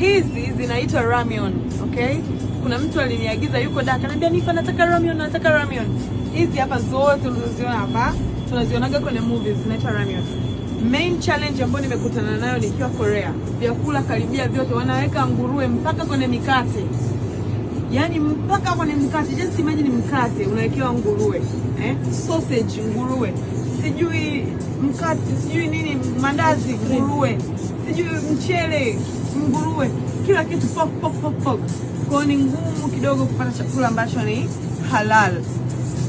hizi zinaitwa ramyon, okay? Kuna mtu aliniagiza yuko Daka, ananiambia nifa, nataka ramyon, nataka ramyon. Hizi hapa zote unazoziona hapa tunazionaga kwenye movies zinaitwa ramyon. Main challenge ambayo nimekutana nayo nikiwa Korea, vyakula karibia vyote wanaweka nguruwe mpaka kwenye mikate, yaani mpaka kwenye mkate. Just imagine mkate unawekewa nguruwe eh? sausage nguruwe, sijui mkate, sijui nini, mandazi nguruwe sijui mchele, nguruwe, kila kitu pok pok pok pok. Kwa ni ngumu kidogo kupata chakula ambacho ni halal,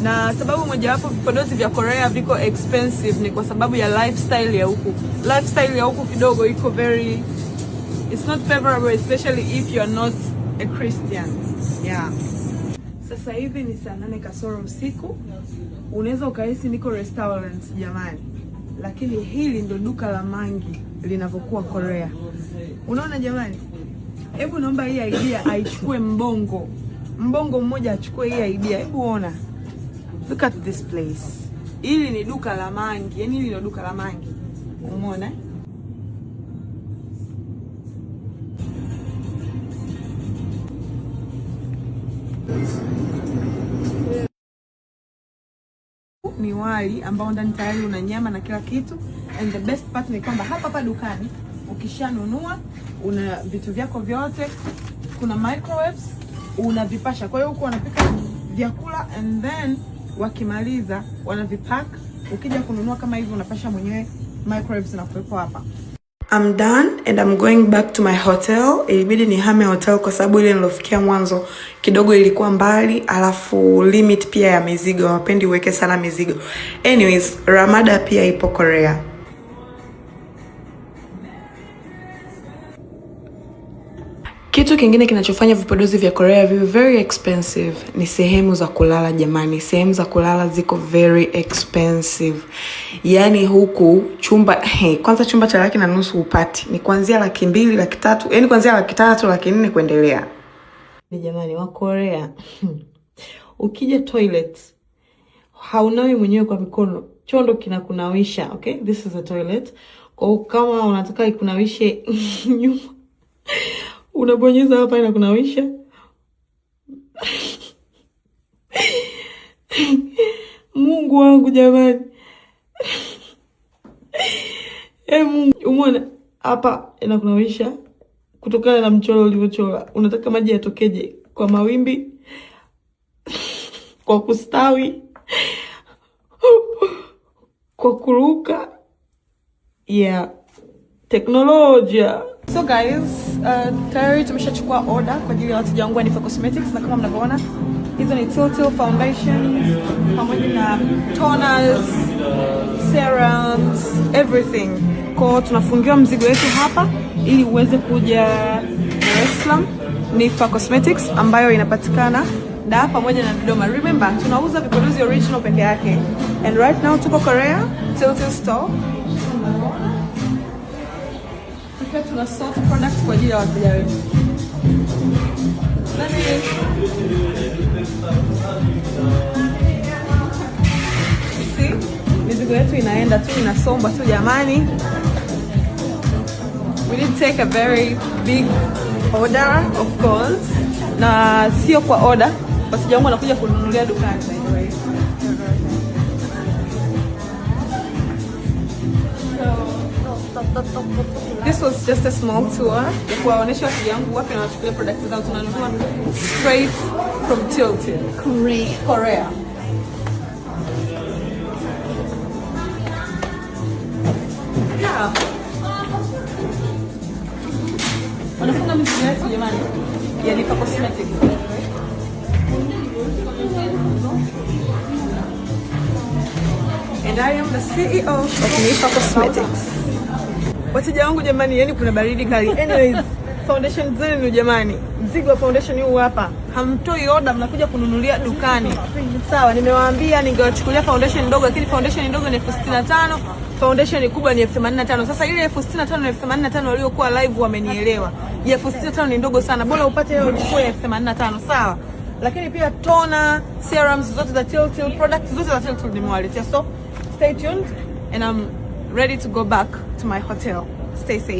na sababu mojawapo vipodozi vya Korea viko expensive ni kwa sababu ya lifestyle ya huku. Lifestyle ya huku kidogo iko very, it's not favorable especially if you are not a Christian. Yeah. Sasa hivi ni saa nane kasoro usiku, unaweza ukahisi niko restaurant jamani lakini hili ndo duka la mangi linavyokuwa Korea. Unaona jamani, hebu naomba hii idea aichukue mbongo, mbongo mmoja achukue hii idea. Hebu ona, look at this place. Hili ni duka la mangi, yaani hili ndo duka la mangi. Umeona? ni wali ambao ndani tayari una nyama na kila kitu, and the best part ni kwamba hapa hapa dukani ukishanunua una vitu vyako vyote, kuna microwaves unavipasha. Kwa hiyo huko wanapika vyakula and then wakimaliza wanavipack. Ukija kununua kama hivi, unapasha mwenyewe microwaves na kuwepo hapa. I'm done and I'm going back to my hotel. Ilibidi hame hotel kwa sababu ile nilofikia mwanzo kidogo ilikuwa mbali, alafu limit pia ya mizigo, wapendi uweke sana mizigo. Anyways, Ramada pia ipo Korea. Kitu kingine kinachofanya vipodozi vya Korea viwe very expensive ni sehemu za kulala jamani. Sehemu za kulala ziko very expensive yani huku chumba hey, kwanza chumba cha laki na nusu upati ni kuanzia laki mbili laki tatu yani kuanzia laki tatu laki nne kuendelea. Ni jamani wa Korea ukija toilet haunawi mwenyewe kwa mikono, chondo kinakunawisha. Okay, this is a toilet. Kwa kama unataka ikunawishe nyuma unabonyeza hapa inakunawisha Mungu wangu jamani. Ee Mungu, umeona hapa inakunawisha kutokana na mchoro ulivyochora. Unataka maji yatokeje? Kwa mawimbi? Kwa kustawi? Kwa kuruka? Yeah, teknolojia. So guys, uh, tayari tumeshachukua order kwa ajili ya wateja wangu wa Cosmetics na kama mnavyoona hizo ni Tiltil foundations pamoja na toners, serums, everything. Kwa tunafungiwa mzigo wetu hapa ili uweze kuja Dar es Salaam Cosmetics ambayo inapatikana da pamoja na Dodoma. Remember, tunauza vipodozi original peke yake. And right now tuko Korea, Tiltil store. tuna soft products kwa ajili ya wateja wetu mizigo yetu inaenda tu inasomba tu jamani. We did take a very big order of course, na sio kwa order, basi wangu wanakuja kununulia dukani by the way. This was just a small tour ya kuwaonesha wateja wangu wapi na wachukulia product zao. two thousand and one, straight from Tilted, Korea. Korea. And I am the CEO of Lipa Cosmetics. Wateja wangu jamani, yani kuna baridi kali. Anyways, foundation zenu jamani, mzigo wa foundation huu hapa, hamtoi order, mnakuja kununulia dukani. Sawa, nimewaambia ningewachukulia foundation ndogo, lakini foundation ndogo ni elfu sitini na tano foundation kubwa ni elfu themanini na tano Sasa ile elfu sitini na tano na elfu themanini na tano waliokuwa live wamenielewa, ya elfu sitini na tano ni ndogo sana, bora upate hiyo chukua ya elfu themanini na tano sawa. Lakini pia toner, serums zote za Tiltil, products zote za Tiltil nimewaletea, so stay tuned and I'm ready to go back to my hotel. Stay safe.